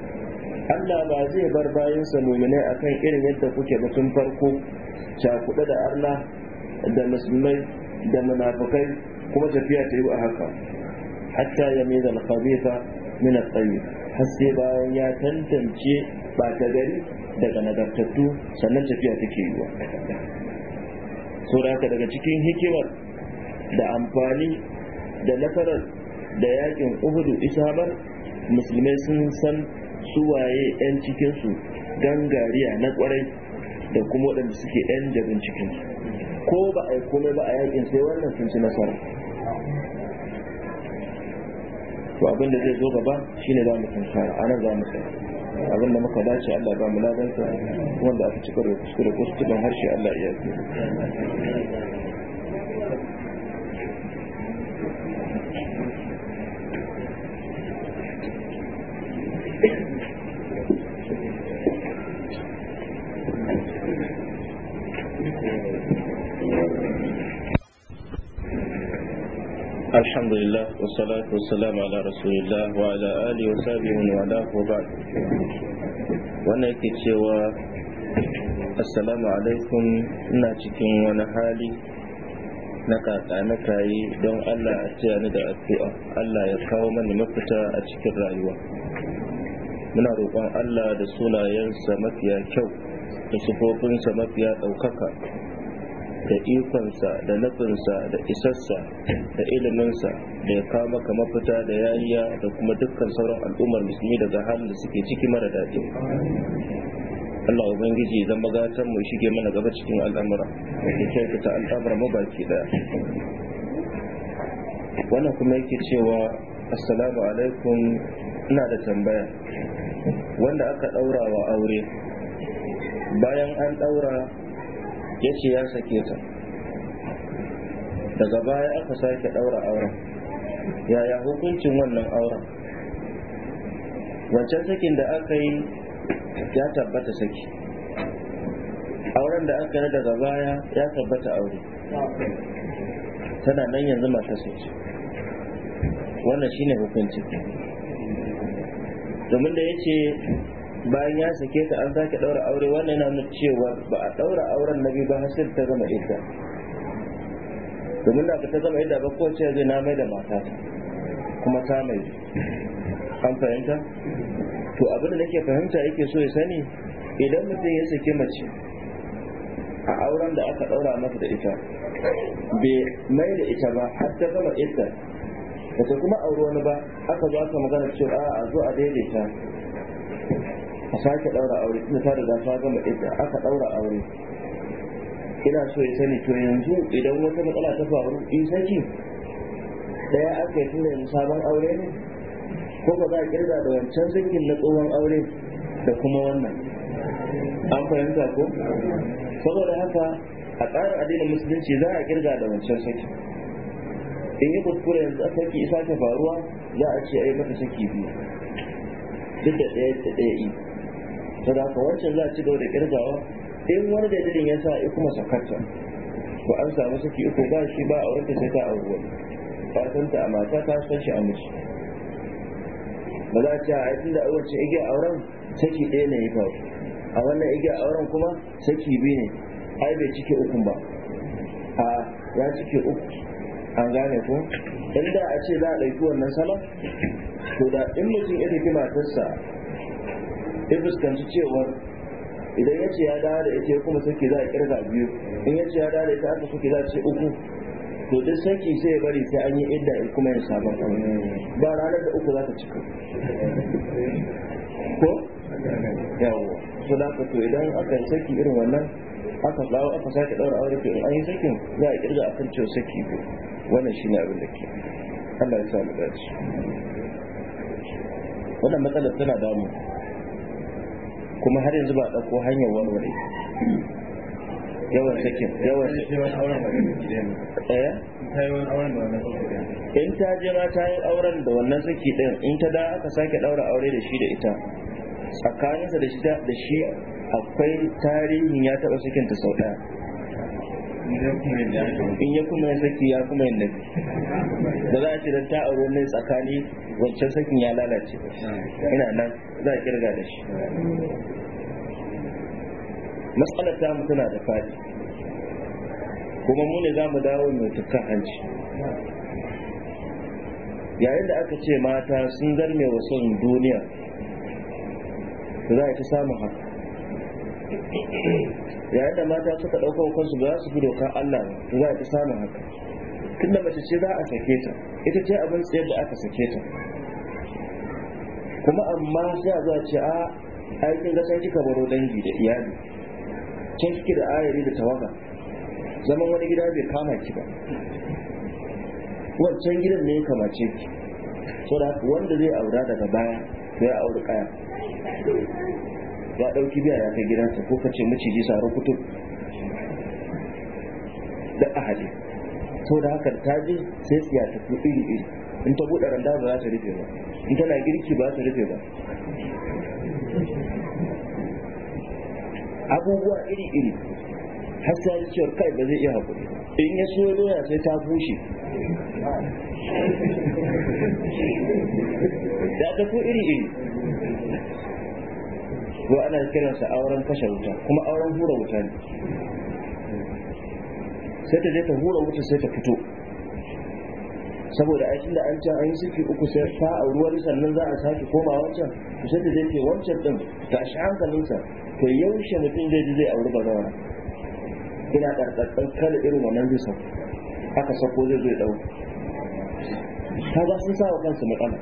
Allah ba zai bar bayansa muminai kan irin yadda kuke ba tun farko cakuɗe da Allah da musulmai da munafukai kuma tafiya ta yi a haka hatta ya mai da alkhabifa min at-tayyib har bayan ya tantance ba ta gari daga nagartattu sannan tafiya take yi wa saboda daga cikin hikimar da amfani da nasarar da yakin uhudu isabar musulmai sun san suwaye 'yan cikinsu gangariya na kwarai da kuma waɗanda suke 'yan jabin cikinsu ko ba a yi komai ba a yakin sai wannan sun ci nasara to abin da zai zo gaba shine za mu tsara a nan za mu tsara abin da muka dace Allah ba mu ladansa wanda aka cikar da kuskure ko harshe Allah ya yi الحمد لله والصلاة والسلام على رسول الله وعلى آله وصحبه وعلى وبعد وانا cewa assalamu alaikum ina cikin wani hali na kakana kayi don Allah a ni da addu'a Allah ya kawo mani mafita a cikin rayuwa muna roƙon Allah da sunayensa mafiya kyau da sufofinsa mafiya ɗaukaka da ikonsa da nufinsa da isarsa da iliminsa da ya kama ka mafita da yariya da kuma dukkan sauran al'ummar musulmi daga halin da suke ciki mara daɗi Allah Ubangiji zan magatan mu shige mana gaba cikin al'amura da ta al'amura mabaki daya wannan kuma yake cewa assalamu alaikum ina da tambaya wanda aka ɗaura wa aure bayan an ɗaura ya ce ya sake ta daga baya aka sake ɗaura auren yaya hukuncin wannan auren wancan sakin da aka yi ya tabbata saki auren da aka yi daga baya ya tabbata aure tana nan yanzu mata saki wannan shine hukuncin domin da ya ce bayan ya sake ta an sake daura aure wannan yana nuna cewa ba a daura auren na biyu ba har sai ta zama idda domin da ta zama idda ba ko ce zai na mai da mata kuma ta mai an fahimta to abin da nake fahimta yake so ya sani idan mutum ya sake mace a auren da aka daura masa da ita bai mai da ita ba har ta zama idda ba kuma auri wani ba aka zo aka magana cewa a zo a daidaita ka sake daura aure ina ta riga ta gama idda aka daura aure ina so ya sani to yanzu idan wata matsala ta faru in saki daya aka yi tunda yanzu sabon aure ne ko ba za a kirga da wancan sakin na tsohon aure da kuma wannan an fahimta ko saboda haka a tsarin addinin musulunci za a kirga da wancan saki in yi kuskure yanzu a saki isa ta faruwa za a ce a yi mata saki biyu duk da ɗaya da ɗaya to da haka wancan za a ci gaba da kirgawa in wani dalilin ya sa kuma sakarta ko an samu saki uku ba shi ba a wanda sai ta auri ba san ta a mata ta san shi a miji ba za ta a tun da auren ce igiya auren saki ɗaya ne ya faru a wannan igiya auren kuma saki biyu ne ai bai cike ukun ba a ya cike uku an gane ko inda a ce za a ɗauki wannan sama to da in mutum ya tafi matarsa ya fuskanci cewar idan ya ce ya dawo da ita kuma saki za a kirga biyu in ya ce ya dawo da ita aka suke za a ce uku to duk saki sai ya bari sai an yi idda in kuma yin sabon ba ranar da uku za ta cika ko yawo su da aka to idan aka yi saki irin wannan aka dawo aka sake daura aure to in an yi sakin za a kirga akan cewa saki ko wannan shine abin da ke Allah ya sa mu dace wannan matsalar tana damu kuma har yanzu ba a ɗauko hanyar warware yawan sakin yawan eh? in ta je ta yi auren da wannan saki ɗin in ta da aka sake ɗaura aure da shi da ita tsakaninsa da shi akwai tarihin ya taɓa sakinta sau ɗaya in ya kuma saki ya kuma yin ba za a ce don ta ne tsakani wancan sakin ya lalace ina nan za a kirga da shi matsalar ta mu tana da fadi kuma mu ne za mu dawo mai tukkan hanci yayin da aka ce mata sun zarme wa son duniya za a ci samun haka Eh, yayin da mata suka ɗauka kansu ba su fi doka Allah za a ta samun haka tunda mace ce za a sake ta ita ce abin tsayar da aka sake ta kuma amma sai a a ce a aikin gasa kika baro dangi da iyali can kike da ayari da tawaga zaman wani gida bai kama ki ba wancan gidan ne ya kamace ki wanda zai aura daga baya sai ya auri kaya ya ɗauki biya ya kai gidansa ko kace maciji sa rukutu da ahali to da haka ta je sai tsiya ta ku iri iri in ta buɗe randa ba za ta rufe ba in tana girki ba za ta rufe ba abubuwa iri iri har sai ciyar kai ba zai iya haƙuri in ya so doya sai ta bushe ya ku iri iri ko ana kiransa auren kashe wuta kuma auren hura wuta ne sai ta je ta hura wuta sai ta fito saboda aikin da an can an yi sirki uku sai ta a ruwan sannan za a sake koma wancan sai ta je ke wancan din ta shi hankalinsa to yaushe mutum zai ji zai auri ba zaura ina karkatsan kala irin wannan bisa, aka haka sauko zai zai dau ta ba sun sa wa kansu matsala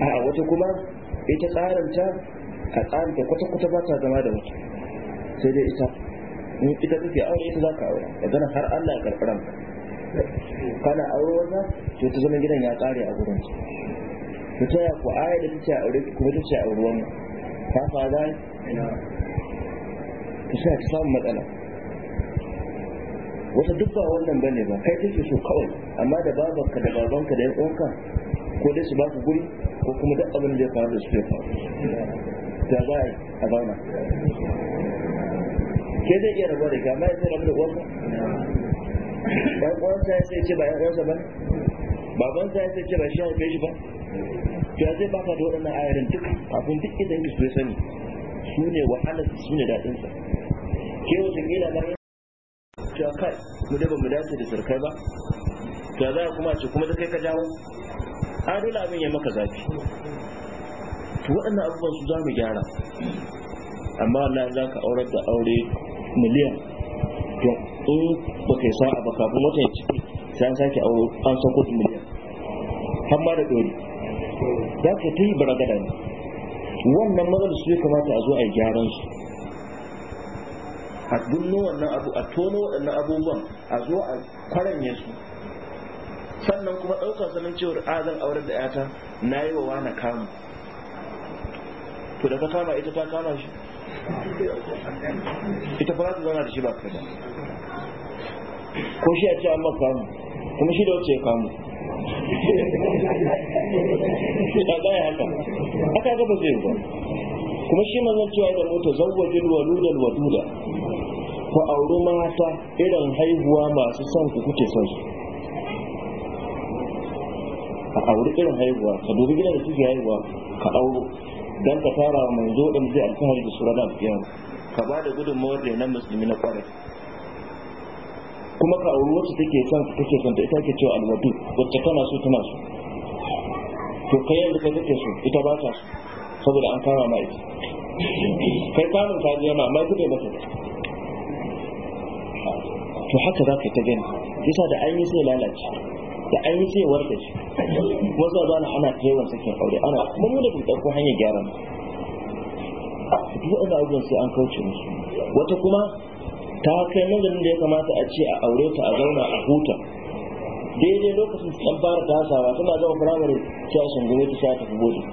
a'a wata kuma ita tsaranta a tsaranta kwata-kwata ba ta zama da wata sai dai ita in ita take aure ita za ka aure zana har Allah ya karɓi ranka kana aure wannan to ta zama gidan ya ƙare a gurin ta ta ya ku aya da take aure kuma take aure wannan ta fa ba ta sa ta samu matsala wata duk ba wannan bane ba kai take so kawai amma da babanka da babanka da yan uwanka ko dai su ba ku guri ko kuma duk abin da ya faru da su ya faru da za a zauna ke zai iya rabuwa da gama ya sai rabu da uwarsa ba uwarsa ya sai ce ba ya uwarsa ba babansa ya sai ce ba shi haife shi ba to ya zai baka da waɗannan ayarin duk abin duk idan ki ya sani su ne wahalarsa su ne daɗinsa ke wata na rai? Ta kai mu da ba mu dace da sarkai ba to za a kuma ce kuma da kai ka jawo a dole abin ya maka zafi to waɗannan abubuwan su za mu gyara amma wallahi za ka aurar da aure miliyan to in ba kai a baka kafin wata ya ciki sai an sake aure an san sako miliyan har ma da dole za ka ta yi baragada ne wannan matsalar su ya kamata a zo a yi gyaran su a dunno wannan abu a tono waɗannan abubuwan a zo a kwaranye su sannan kuma ɗaukar sanin cewar a zan aurar da yata na yi wa wani kamu to da ka kama ita ta kama shi ita fara ta zauna da shi ba ka da ko shi a ce an kamu kuma shi da wacce ya kamu ya gaya haka aka gaba zai ba kuma shi mazan cewa da mota zawwajin waludal waduda ku auri mata irin haihuwa masu son ku kuke son su ka auri irin haihuwa ka dubi gidan da suke haihuwa ka auro dan ka tara wa manzo ɗin zai alfahari da sura alfiyar ka ba da gudunmawar da nan musulmi na kwarai kuma ka auri wacce take son ka take son ta ita ke cewa alwadu wacce tana so tana so to kai yanzu ka take so ita ba ta so saboda an kama ma kai kamun ka jiya ma amma ita bai mata to haka za ka ta gani isa da an yi sai lalace da an da shi wasu zuwa ana yawan sakin aure ana mun da kun ko hanyar gyaran duk wanda abubuwan sai an kauce musu wata kuma ta kai nazarin da ya kamata a ce a aure ta a zauna a huta daidai lokacin ta fara tasawa tana zama firamare cewa shangare ta sha tafi godin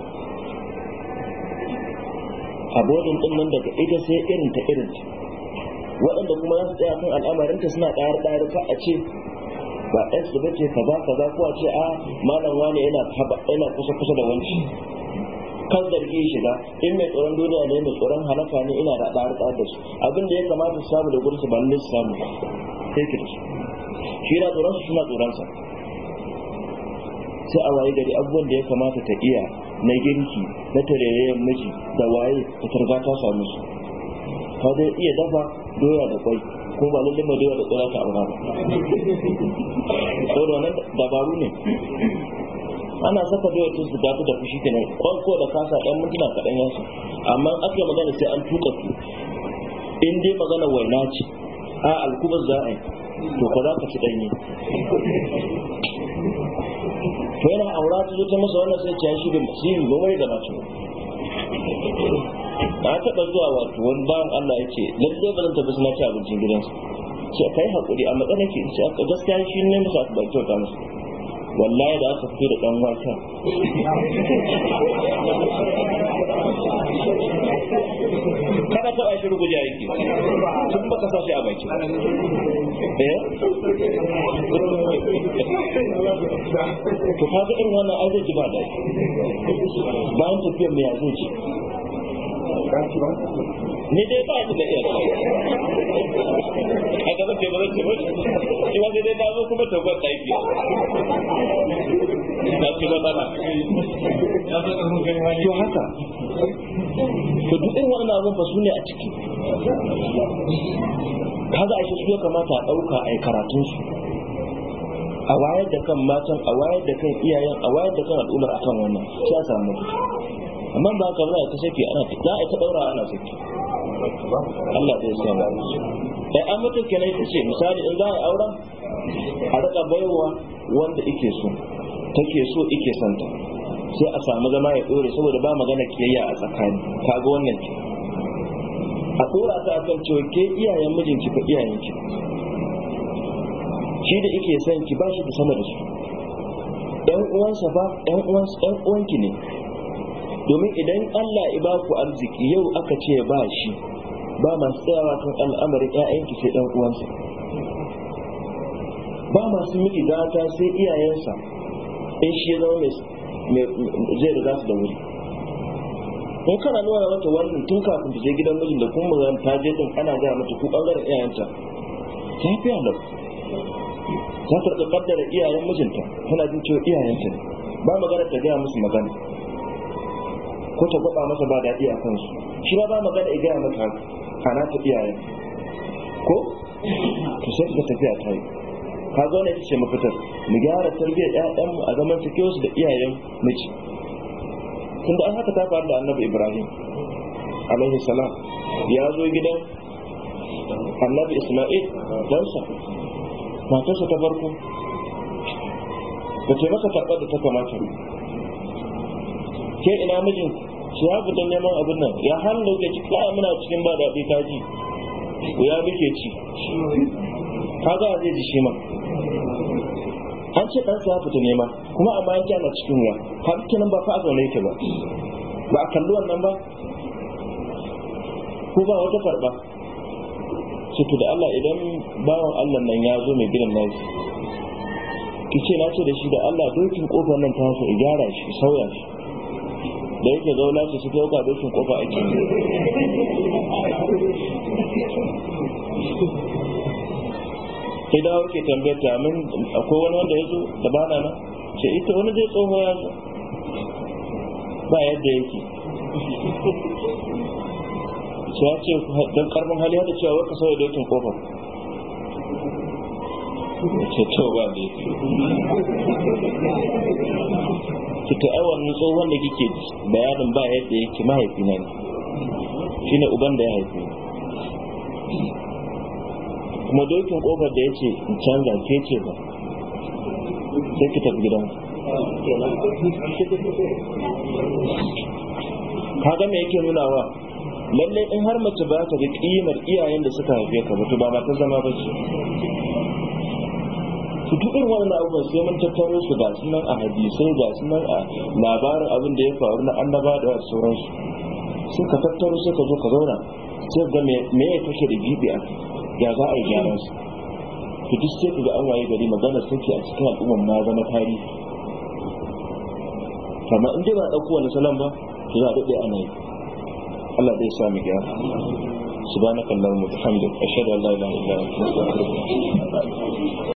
a godin din nan daga ita sai irin ta irin ta waɗanda kuma za su tsaya kan al'amarinta suna ɗayar ɗayar ka a ce ba ɗan da bace kaza kaza ko a ce a ah, malam wani yana yana kusa kusa da wanci kan zargi shiga in mai tsoron duniya ne mai tsoron halaka ne ina da ɗar da su abin da ya kamata su samu da gurin su ba ne su samu sai ki shi na tsoron su suna tsoron sa sai a waye gari abubuwan da ya kamata ta iya na girki na tarerayen miji da waye ta targata samu su ka dai iya dafa doya da kwai Kuma ba lalle mai da tsira ta aura ba saboda wannan dabaru ne ana saka baiwa tun su gafi da fushi kenan kwanko da kasa ɗan mintuna kaɗan yasu amma aka magana sai an tuka su in dai magana waina ce a alkubar za a yi to ko za ka ci ɗanye to yana aura ta zo ta masa wannan sai ta yi shi yi mai da masu na taɓa zuwa wato wani bayan Allah ya ce lalle ba zan tafi suna ci abincin gidansu ce kai haƙuri a ke ki ce gaskiya shi ne musu aka bari kyauta musu wallahi da aka fito da ɗan wata kada taɓa shi ruguja yake tun baka sa shi a baki eh? to kaga irin wannan ai zai ji ba daɗi bayan tafiyar mai ya zai ni dai ba da a ba ne a ciki kaga a su ya kamata a ɗauka a yi karatunsu a wayar da kan matan a wayar da kan iyayen a wayar da kan al'ummar akan wannan sai a samu amma ba ka ba ta saki ana ta a ta daura ana saki Allah zai sa ba ai an mutu kenan ita ce misali in za a aura, a daga baiwa wanda ike so take so ike santa sai a samu zama ya dore saboda ba magana kiyayya a tsakani kaga wannan ke a dora ta akan cewa ke iyayen mijinki ko iyayenki shi da ike son ki ba shi da sama da su ɗan uwansa ba ɗan uwansa ɗan uwanki ne domin idan Allah ya baku arziki yau aka ce ba shi ba masu tsayawa kan al'amarin ƴaƴanki sai dan uwansa ba masu miki gata sai iyayensa in shi ya zama zai riga su da wuri in kana nuna mata wannan tun kafin ta je gidan mijin da kuma magana ta je din ana gaya mata ku ɓangaren iyayenta ta fi lau ta sarƙa kaddara iyayen mijinta tana jin cewa iyayenta ne ba magana ta gaya musu magana ko ta gwada masa ba daɗi a kansu shi ma ba magana ya gaya mata kana ta iyaye ko ta sai ka tafiya ta yi ka zo ne ce mafitar mu gyara tarbiyyar ƴaƴan mu a zaman cikin su da iyayen miji tunda an haka ta faru da annabi ibrahim alaihi salam ya zo gidan annabi isma'il dansa matarsa ta farko da ce masa karɓar da ta kamata ke ina mijin shi ya fita neman abin nan ya hannu ke ci kawai muna cikin ba daɗi ta ji ya muke ci ka ga zai ji shi ma an ce ɗansa ya fita nema kuma amma ya kyana cikin wuya har nan ba fa a zaune yake ba ba a kalli wannan ba ko ba wata karɓa ciki da Allah idan bawan Allah nan ya zo mai gidan nan ki ce na ce da shi da Allah dokin kofar nan ta hasa gyara shi sauya shi da yake zaula su su yau dokin kofa ake idan ke tambayar ta min akwai wani wanda ya zo da ba na ce ita wani zai tsoho ya zo ba yadda yake sai ya ce don karbin hali hada cewa waka sauya dokin kofa ce to ba ne kika ai wannan tsohon da kike bayanin ba yadda yake mahaifi na ne shine uban da ya haife ni kuma dokin kofar da yace in canza ke ce ba sai ki tafi gidan Ka me yake nuna wa lalle in har mace ba ta ga kimar iyayen da suka haife ka ba to ba ba ta zama ba ce su duk irin waɗannan abubuwan sai mun tattaro su ga sunan a hadisai ga sunan a labarin abin da ya faru na annaba da wasu sauransu sai ka tattaro sai ka zo ka zauna sai ga me ya kashe da gibi ya za a yi gyaran su to duk sai ka ga an waye gari magana take a cikin al'umman ma zama tarihi kamar in dai ba ɗauko wani salon ba to za a daɗe ana yi Allah zai sa mu gyara subhanakallahumma wa bihamdika ashhadu an la ilaha illa anta astaghfiruka wa atubu